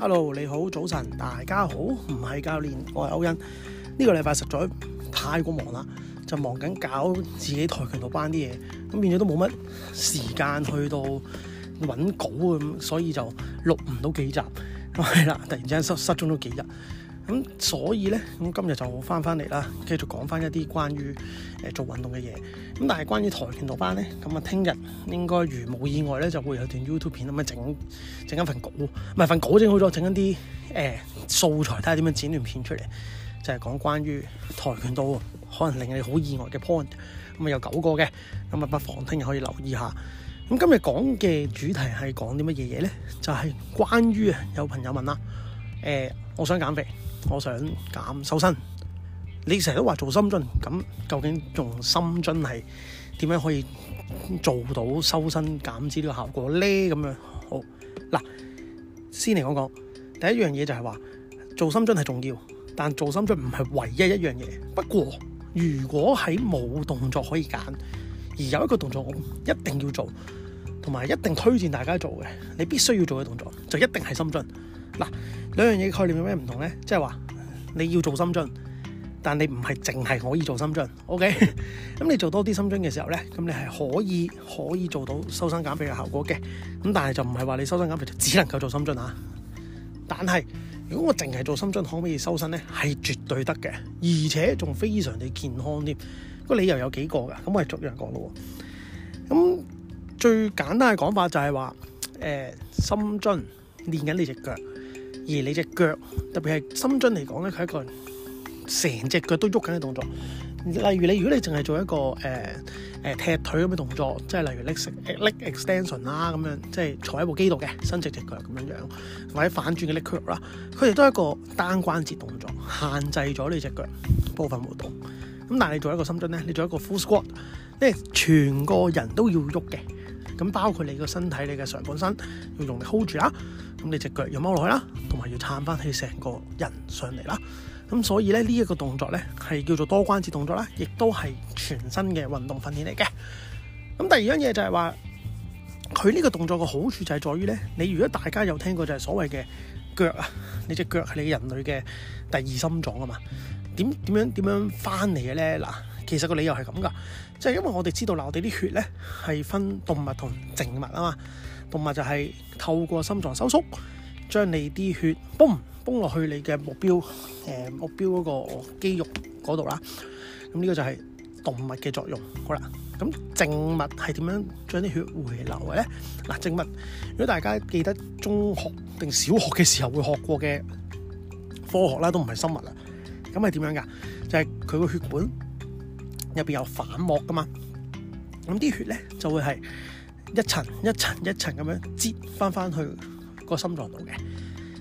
Hello，你好，早晨，大家好，唔係教練，我係歐欣。呢個禮拜實在太過忙啦，就忙緊搞自己跆拳道班啲嘢，咁變咗都冇乜時間去到揾稿，咁所以就錄唔到幾集，係啦，突然之間失失蹤咗幾日啦。咁所以咧，咁今日就翻翻嚟啦，繼續講翻一啲關於誒、呃、做運動嘅嘢。咁但係關於跆拳道班咧，咁啊聽日應該如冇意外咧，就會有段 YouTube 片。咁啊整整一份稿，唔係份稿整好咗，整一啲誒、呃、素材，睇下點樣剪段片出嚟，就係、是、講關於跆拳道可能令你好意外嘅 point。咁啊有九個嘅，咁啊不妨聽日可以留意下。咁今日講嘅主題係講啲乜嘢嘢咧？就係、是、關於有朋友問啦，誒、呃，我想減肥。我想減修身，你成日都話做深蹲，咁究竟用深蹲係點樣可以做到修身減脂呢個效果呢？咁樣好，嗱，先嚟講講第一樣嘢就係話做深蹲係重要，但做深蹲唔係唯一一樣嘢。不過如果喺冇動作可以揀，而有一個動作我一定要做，同埋一定推薦大家做嘅，你必須要做嘅動作就一定係深蹲。嗱，兩樣嘢概念有咩唔同咧？即係話你要做深蹲，但你唔係淨係可以做深蹲。O K，咁你做多啲深蹲嘅時候咧，咁你係可以可以做到修身減肥嘅效果嘅。咁但係就唔係話你修身減肥就只能夠做深蹲啊。但係如果我淨係做深蹲可唔可以修身咧？係絕對得嘅，而且仲非常地健康添。個理由有幾個噶，咁我係逐樣講咯。咁最簡單嘅講法就係話，誒、呃，深蹲練緊你隻腳。而你隻腳，特別係深蹲嚟講咧，佢係一個成隻腳都喐緊嘅動作。例如你，如果你淨係做一個誒誒、呃呃、踢腿咁嘅動作，即係例如 leg ext leg extension 啦，咁樣即係坐喺部機度嘅，伸直隻腳咁樣樣，或者反轉嘅 leg curl 啦，佢哋都係一個單關節動作，限制咗你隻腳部分活動。咁但係你做一個深蹲咧，你做一個 full squat，即係全個人都要喐嘅，咁包括你個身體、你嘅上半身要用力 hold 住啦。咁你隻腳又踎落去啦，同埋要撐翻起成個人上嚟啦。咁所以咧，呢一個動作咧，係叫做多關節動作啦，亦都係全身嘅運動訓練嚟嘅。咁第二樣嘢就係話，佢呢個動作嘅好處就係在於咧，你如果大家有聽過就係所謂嘅腳啊，你隻腳係你人類嘅第二心臟啊嘛。點點樣點樣翻嚟嘅咧？嗱，其實個理由係咁噶，即係因為我哋知道啦，我哋啲血咧係分動物同植物啊嘛。動物就係透過心臟收縮，將你啲血泵泵落去你嘅目標誒目標嗰個肌肉嗰度啦。咁呢個就係動物嘅作用。好啦，咁靜物係點樣將啲血回流嘅咧？嗱、啊，靜物，如果大家記得中學定小學嘅時候會學過嘅科學啦，都唔係生物啦。咁係點樣噶？就係佢個血管入面有反膜噶嘛。咁啲血咧就會係。一層一層一層咁樣擠翻翻去個心臟度嘅，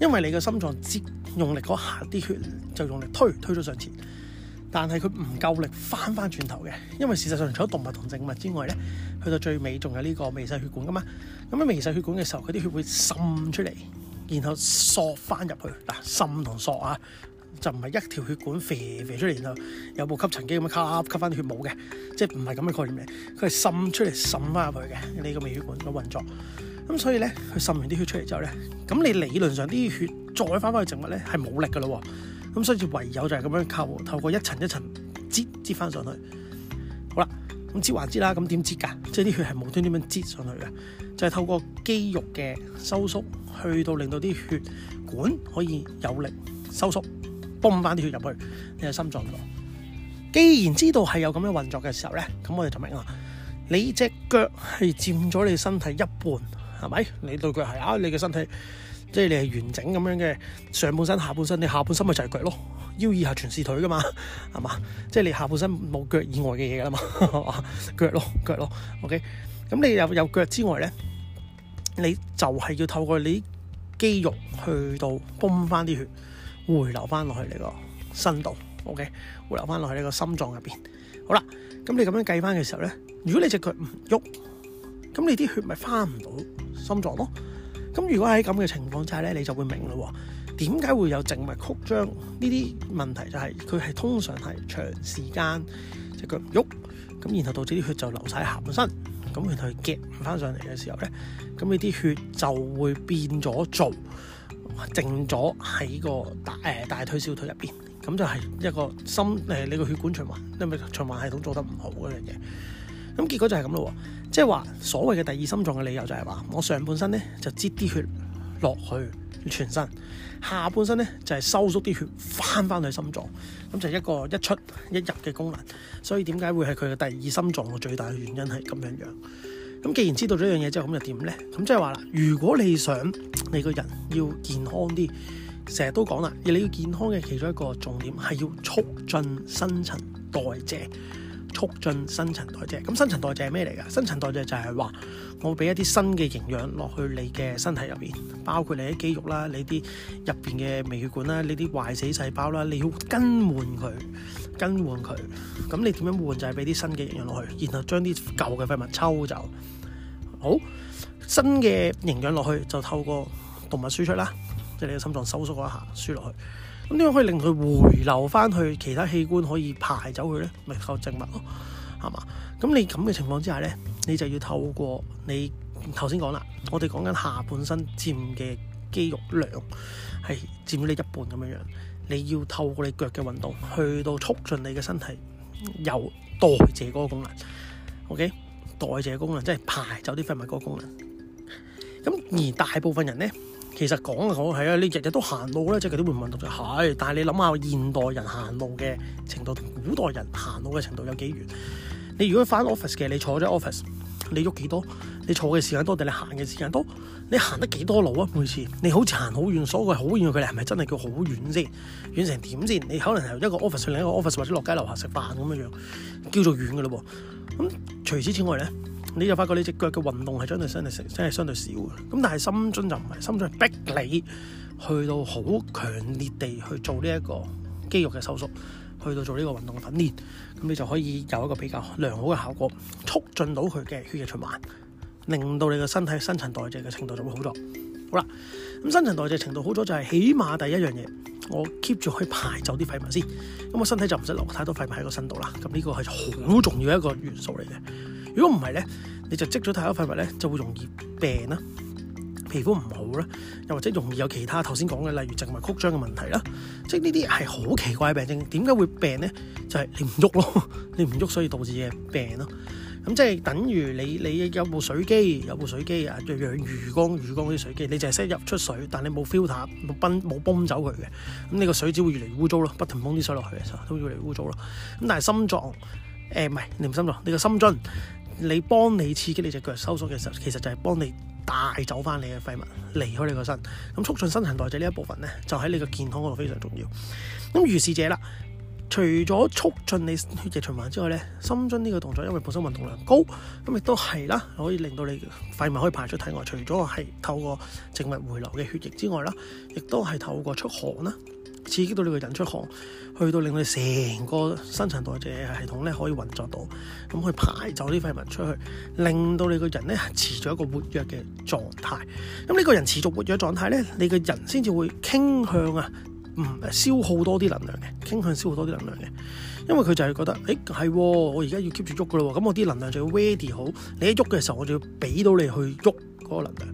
因為你個心臟擠用力嗰下，啲血就用力推推咗上前，但係佢唔夠力翻翻轉頭嘅，因為事實上除咗動物同植物之外咧，去到最尾仲有呢個微細血管噶嘛，咁喺微細血管嘅時候，佢啲血會滲出嚟，然後索翻入去嗱，滲同索啊。就唔係一條血管，肥肥出嚟，然後有部吸塵機咁樣吸，吸翻血冇嘅，即係唔係咁嘅概念。佢係滲出嚟，滲翻入去嘅呢個微血管嘅運作。咁所以咧，佢滲完啲血出嚟之後咧，咁你理論上啲血再翻翻去植物咧係冇力㗎咯。咁所以唯有就係咁樣靠透過一層一層擠擠翻上去。好啦，咁擠還擠啦，咁點擠㗎？即係啲血係冇端端點樣擠上去嘅？就係透過肌肉嘅收縮去到令到啲血管可以有力收縮。泵翻啲血入去你嘅心臟度。既然知道係有咁樣運作嘅時候咧，咁我哋就明啦。你隻腳係佔咗你身體一半，係咪？你對腳係啊？你嘅身體即係你係完整咁樣嘅上半身、下半身。你下半身咪就係腳咯，腰以下全是腿噶嘛，係嘛？即係你下半身冇腳以外嘅嘢噶啦嘛，係嘛？腳咯，腳咯。OK，咁你又有腳之外咧，你就係要透過你肌肉去到泵翻啲血。回流翻落去你個身度，OK，回流翻落去你個心臟入邊。好啦，咁你咁樣計翻嘅時候咧，如果你隻腳唔喐，咁你啲血咪翻唔到心臟咯。咁如果喺咁嘅情況之下咧，你就會明咯，點解會有靜脈曲張呢啲問題？就係佢係通常係長時間隻腳唔喐，咁然後導致啲血就流晒喺下身，咁然後夾翻上嚟嘅時候咧，咁你啲血就會變咗做。靜咗喺個大誒、呃、大腿、小腿入邊，咁就係一個心誒你個血管循環，因為循環系統做得唔好嗰樣嘢，咁結果就係咁咯。即係話所謂嘅第二心臟嘅理由就係、是、話，我上半身呢就擠啲血落去全身，下半身呢就係、是、收縮啲血翻翻去心臟，咁就係一個一出一入嘅功能。所以點解會係佢嘅第二心臟嘅最大嘅原因係咁樣樣？咁既然知道咗一樣嘢之後，咁又點呢？咁即係話啦，如果你想你個人要健康啲，成日都講啦，你要健康嘅其中一個重點係要促進新陳代謝。促進新陳代謝，咁新陳代謝係咩嚟㗎？新陳代謝就係話我會俾一啲新嘅營養落去你嘅身體入邊，包括你嘅肌肉啦、你啲入邊嘅微血管啦、你啲壞死細胞啦，你要更換佢，更換佢。咁你點樣換？就係俾啲新嘅營養落去，然後將啲舊嘅廢物抽走。好，新嘅營養落去就透過動物輸出啦，即係你嘅心臟收縮一下輸落去。咁點樣可以令佢回流翻去其他器官可以排走佢呢？咪靠靜脈咯，係嘛？咁你咁嘅情況之下呢，你就要透過你頭先講啦，我哋講緊下半身佔嘅肌肉量係佔咗你一半咁樣樣，你要透過你腳嘅運動去到促進你嘅身體有代謝嗰個功能，OK？代謝功能即係排走啲廢物嗰個功能。咁而大部分人呢。其實講好係啊，你日日都行路咧，即係嗰啲運動就係。但係你諗下現代人行路嘅程度同古代人行路嘅程度有幾遠？你如果返 office 嘅，你坐咗 office，你喐幾多？你坐嘅時間多定你行嘅時間多？你行得幾多路啊？每次你好似行好遠，所謂好遠嘅距離，係咪真係叫好遠先？遠成點先？你可能係一個 office 另一個 office 或者落街樓下食飯咁樣樣，叫做遠嘅咯噃。咁除此之外咧？你就發覺你隻腳嘅運動係相對相對成，即係相對少嘅。咁但係深蹲就唔係，深蹲係逼你去到好強烈地去做呢一個肌肉嘅收縮，去到做呢個運動嘅訓練，咁你就可以有一個比較良好嘅效果，促進到佢嘅血液循環，令到你嘅身體新陳代謝嘅程度就會好咗。好啦，咁新陳代謝程度好咗就係起碼第一樣嘢，我 keep 住去排走啲廢物先，咁我身體就唔使留太多廢物喺個身度啦。咁呢個係好重要一個元素嚟嘅。如果唔係咧，你就積咗太多廢物咧，就會容易病啦，皮膚唔好啦，又或者容易有其他頭先講嘅，例如靜脈曲張嘅問題啦，即係呢啲係好奇怪嘅病症。點解會病咧？就係、是、你唔喐咯，你唔喐所以導致嘢病咯。咁即係等於你你有部水機，有部水機啊，養魚缸魚缸嗰啲水機，你係識入出水，但你冇 filter 冇泵冇泵走佢嘅，咁呢個水只會越嚟污糟咯，不停泵啲水落去嘅時候都越嚟污糟咯。咁但係心臟，誒唔係你唔心臟，你個心臟。你幫你刺激你隻腳收縮嘅時候，其實就係幫你帶走返你嘅廢物，離開你個身，咁促進新陳代謝呢一部分咧，就喺你個健康嗰度非常重要。咁如是者啦，除咗促進你血液循環之外咧，深蹲呢個動作因為本身運動量高，咁亦都係啦，可以令到你廢物可以排出體外，除咗係透過靜脈回流嘅血液之外啦，亦都係透過出汗啦。刺激到你個人出汗，去到令你成個新陳代謝系統咧可以運作到，咁去排走啲廢物出去，令到你個人咧持住一個活躍嘅狀態。咁呢個人持續活躍嘅狀態咧，你個人先至會傾向啊唔消耗多啲能量嘅，傾向消耗多啲能量嘅，因為佢就係覺得，誒、欸、係，我而家要 keep 住喐噶啦，咁我啲能量就要 ready 好。你一喐嘅時候，我就要俾到你去喐嗰個能量。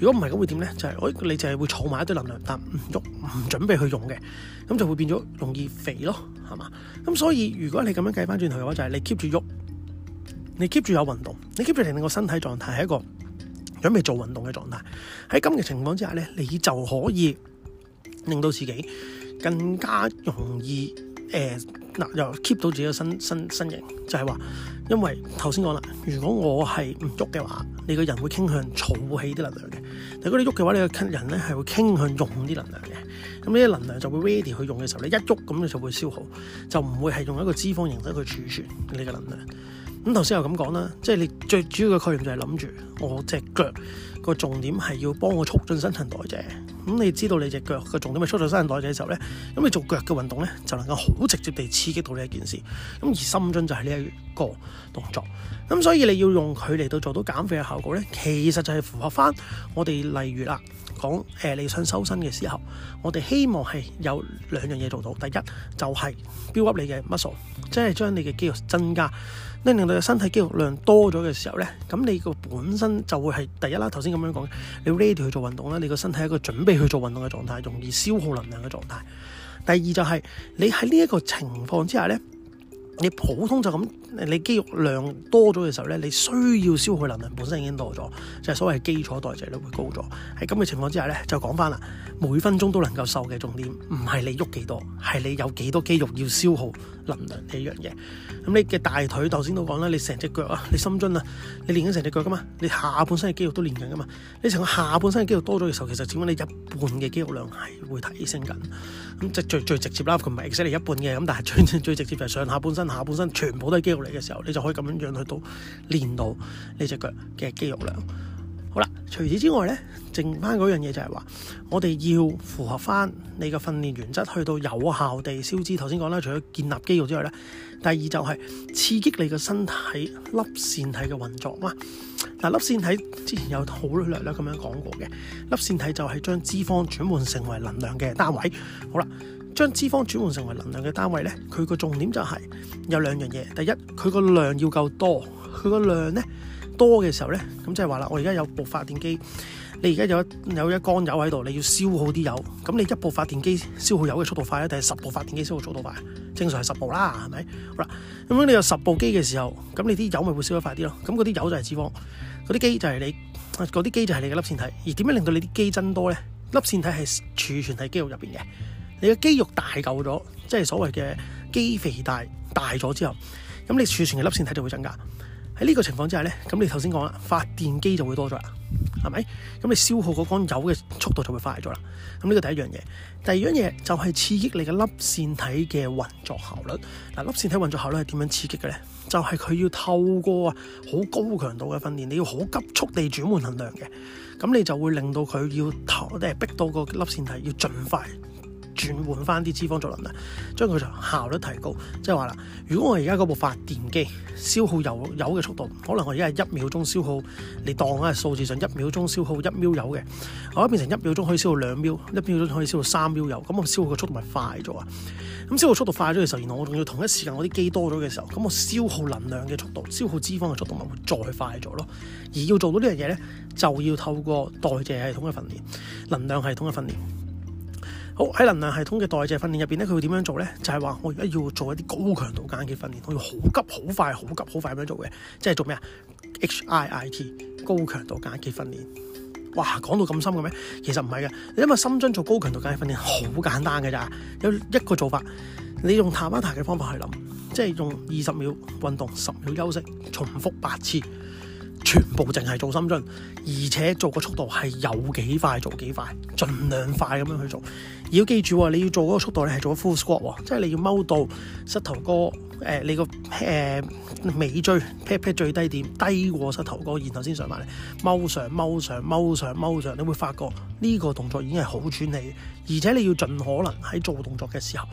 如果唔係咁會點咧？就係我你就係會儲埋一堆能量，但唔喐，唔準備去用嘅，咁就會變咗容易肥咯，係嘛？咁所以如果你咁樣計翻轉頭嘅話，就係你 keep 住喐，你 keep 住有運動，你 keep 住令個身體狀態係一個準備做運動嘅狀態。喺咁嘅情況之下咧，你就可以令到自己更加容易。誒、呃、嗱，又 keep 到自己嘅身身身形，就係、是、話，因為頭先講啦，如果我係唔喐嘅話，你個人會傾向儲起啲能量嘅，但如果你喐嘅話，你個人咧係會傾向用啲能量嘅。咁呢啲能量就會 ready 去用嘅時候，你一喐咁，你就會消耗，就唔會係用一個脂肪形式去儲存你嘅能量。咁頭先又咁講啦，即係你最主要嘅概念就係諗住我隻腳。個重點係要幫我促進新陳代謝，咁你知道你隻腳嘅重點係促進新陳代謝嘅時候呢，咁你做腳嘅運動呢，就能夠好直接地刺激到呢一件事，咁而深蹲就係呢一個動作，咁所以你要用佢嚟到做到減肥嘅效果呢，其實就係符合翻我哋例如啦，講誒你想修身嘅時候，我哋希望係有兩樣嘢做到，第一就係 build up 你嘅 muscle，即係將你嘅肌肉增加。令到你身體肌肉量多咗嘅時候呢，咁你個本身就會係第一啦。頭先咁樣講，你 ready 去做運動呢，你個身體一個準備去做運動嘅狀態，容易消耗能量嘅狀態。第二就係、是、你喺呢一個情況之下呢。你普通就咁，你肌肉量多咗嘅時候咧，你需要消耗能量本身已經多咗，就係、是、所謂基礎代謝率會高咗。喺咁嘅情況之下咧，就講翻啦，每分鐘都能夠瘦嘅重點，唔係你喐幾多，係你有幾多肌肉要消耗能量呢樣嘢。咁你嘅大腿，頭先都講啦，你成隻腳啊，你深蹲啊，你練緊成隻腳噶嘛，你下半身嘅肌肉都練緊噶嘛，你成個下半身嘅肌肉多咗嘅時候，其實點講你一半嘅肌肉量係會提升緊，咁最最直接啦，佢唔係 exactly 一半嘅，咁但係最，最直接就係上下半身。下半身全部都係肌肉嚟嘅時候，你就可以咁樣樣去到練到你隻腳嘅肌肉量。好啦，除此之外呢，剩翻嗰樣嘢就係話，我哋要符合翻你嘅訓練原則，去到有效地消脂。頭先講啦，除咗建立肌肉之外呢，第二就係刺激你嘅身體粒線體嘅運作。哇，嗱，粒線體之前有好略略咁樣講過嘅，粒線體就係將脂肪轉換成為能量嘅單位。好啦。將脂肪轉換成為能量嘅單位呢，佢個重點就係有兩樣嘢。第一，佢個量要夠多。佢個量呢，多嘅時候呢，咁即係話啦，我而家有部發電機，你而家有一有一缸油喺度，你要消耗啲油。咁你一部發電機消耗油嘅速度快，定係十部發電機消耗速度快？正常係十部啦，係咪好啦？咁你有十部機嘅時候，咁你啲油咪會消得快啲咯。咁嗰啲油就係脂肪，嗰啲機就係你，嗰啲機就係你嘅粒線體。而點樣令到你啲機增多呢？粒線體係儲存喺肌肉入邊嘅。你嘅肌肉大夠咗，即係所謂嘅肌肥大大咗之後，咁你儲存嘅粒線體就會增加。喺呢個情況之下呢，咁你頭先講啦，發電機就會多咗啦，係咪？咁你消耗嗰缸油嘅速度就會快咗啦。咁呢個第一樣嘢，第二樣嘢就係刺激你嘅粒線體嘅運作效率嗱。粒線體運作效率係點樣刺激嘅呢？就係、是、佢要透過啊好高強度嘅訓練，你要好急速地轉換能量嘅，咁你就會令到佢要投，即係逼到個粒線體要盡快。轉換翻啲脂肪作能量，將佢就效率提高。即係話啦，如果我而家嗰部發電機消耗油油嘅速度，可能我而家係一秒鐘消耗，你當喺數字上一秒鐘消耗一秒油嘅，我變成一秒鐘可以消耗兩秒，一秒鐘可以消耗三秒油，咁我消耗嘅速度咪快咗啊？咁消耗速度快咗嘅時候，然後我仲要同一時間我啲機多咗嘅時候，咁我消耗能量嘅速度、消耗脂肪嘅速度咪會再快咗咯。而要做到呢樣嘢呢，就要透過代謝系統嘅訓練、能量系統嘅訓練。好，喺能量系統嘅代謝訓練入邊咧，佢會點樣做咧？就係、是、話我而家要做一啲高強度間歇訓練，我要好急好快，好急好快咁樣做嘅，即係做咩啊？H I I T 高強度間歇訓練，哇！講到咁深嘅咩？其實唔係嘅，因為深蹲做高強度間歇訓練好簡單嘅咋，有一個做法，你用 Tabata 嘅方法去諗，即係用二十秒運動十秒休息，重複八次。全部淨係做深蹲，而且做個速度係有幾快做幾快，盡量快咁樣去做。要記住，你要做嗰個速度，你係做 full squat 喎，即係你要踎到膝頭哥。誒、呃、你個誒、呃、尾椎 pat pat 最低點低過膝頭哥，然後先上埋嚟，踎上踎上踎上踎上，你會發覺呢、這個動作已經係好喘氣，而且你要盡可能喺做動作嘅時候，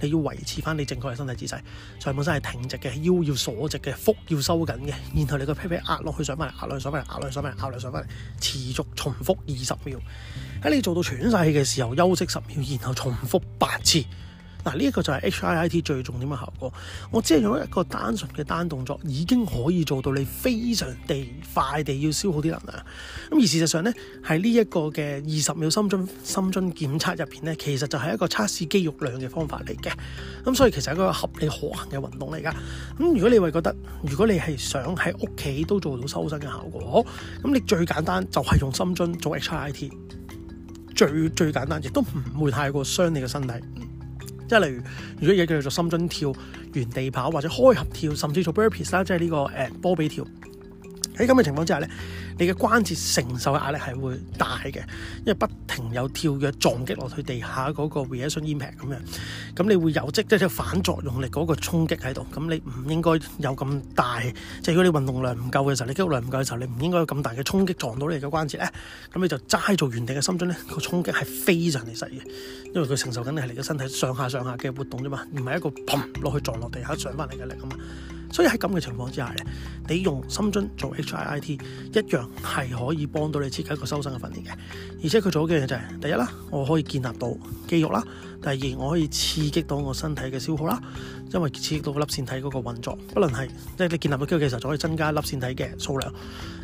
你要維持翻你正確嘅身體姿勢，上半身係挺直嘅，腰要鎖直嘅，腹要收緊嘅，然後你個 pat pat 壓落去上翻嚟，壓落去上翻嚟，壓落去上翻嚟，壓落去上翻嚟，持續重複二十秒，喺、嗯、你做到喘晒氣嘅時候休息十秒，然後重複八次。嗱，呢一個就係 HIIT 最重點嘅效果。我只係用一個單純嘅單動作，已經可以做到你非常地快地要消耗啲能量。咁而事實上呢，喺呢一個嘅二十秒深蹲深蹲檢測入邊咧，其實就係一個測試肌肉量嘅方法嚟嘅。咁所以其實係一個合理可行嘅運動嚟噶。咁如果你會覺得，如果你係想喺屋企都做到修身嘅效果，咁你最簡單就係用深蹲做 HIIT，最最簡單，亦都唔會太過傷你嘅身體。即係例如，如果日叫做深蹲跳、原地跑或者開合跳，甚至做 burpees 啦、這個，即係呢個誒波比跳。喺咁嘅情況之下咧，你嘅關節承受嘅壓力係會大嘅，因為不停有跳躍撞擊落去地下嗰個 reaction impact 咁樣，咁你會有即即反作用力嗰個衝擊喺度，咁你唔應該有咁大，即係如果你運動量唔夠嘅時候，你肌肉量唔夠嘅時候，你唔應該有咁大嘅衝擊撞到你嘅關節咧，咁你就齋做原地嘅深蹲咧，個衝擊係非常之細嘅，因為佢承受緊係你嘅身體上下上下嘅活動啫嘛，唔係一個砰落去撞落地下，上翻嚟嘅力啊嘛。所以喺咁嘅情況之下咧，你用深蹲做 H I I T 一樣係可以幫到你設計一個修身嘅訓練嘅。而且佢好嘅嘢就係、是，第一啦，我可以建立到肌肉啦，第二，我可以刺激到我身體嘅消耗啦，因為刺激到粒線體嗰個運作，不論係即係你建立到肌肉嘅時候，就可以增加粒線體嘅數量。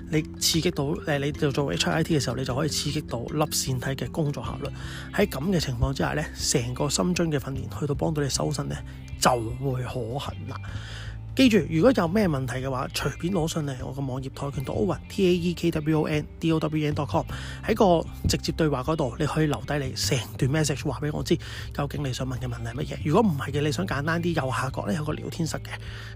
你刺激到你做做 H I I T 嘅時候，你就可以刺激到粒線體嘅工作效率。喺咁嘅情況之下咧，成個深蹲嘅訓練去到幫到你修身咧，就會可行啦。記住，如果有咩問題嘅話，隨便攞上嚟我個網頁跆拳道 Owen T A E K W O N D O W N dot com 喺個直接對話嗰度，你可以留低你成段 message 話俾我知，究竟你想問嘅問題係乜嘢。如果唔係嘅，你想簡單啲，右下角咧有個聊天室嘅，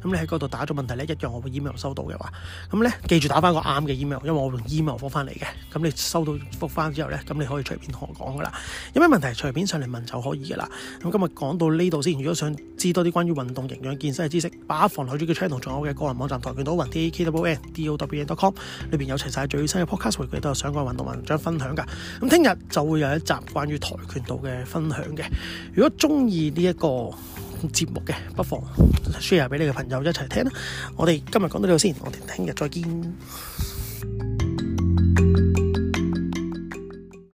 咁你喺嗰度打咗問題咧一樣，我會 email 收到嘅話，咁咧記住打翻個啱嘅 email，因為我用 email 復翻嚟嘅，咁你收到復翻之後咧，咁你可以隨便同我講噶啦。有咩問題隨便上嚟問就可以噶啦。咁今日講到呢度先。如果想知多啲關於運動營養健身嘅知識，把 Channel, 我哋嘅 channel 仲有我嘅個人網站跆拳道雲 T A E K W O N D O W E N dot com，裏面有齊晒最新嘅 podcast，佢都有相關運動文章分享嘅。咁聽日就會有一集關於跆拳道嘅分享嘅。如果中意呢一個節目嘅，不妨 share 俾你嘅朋友一齊聽啦。我哋今日講到呢度先，我哋聽日再見。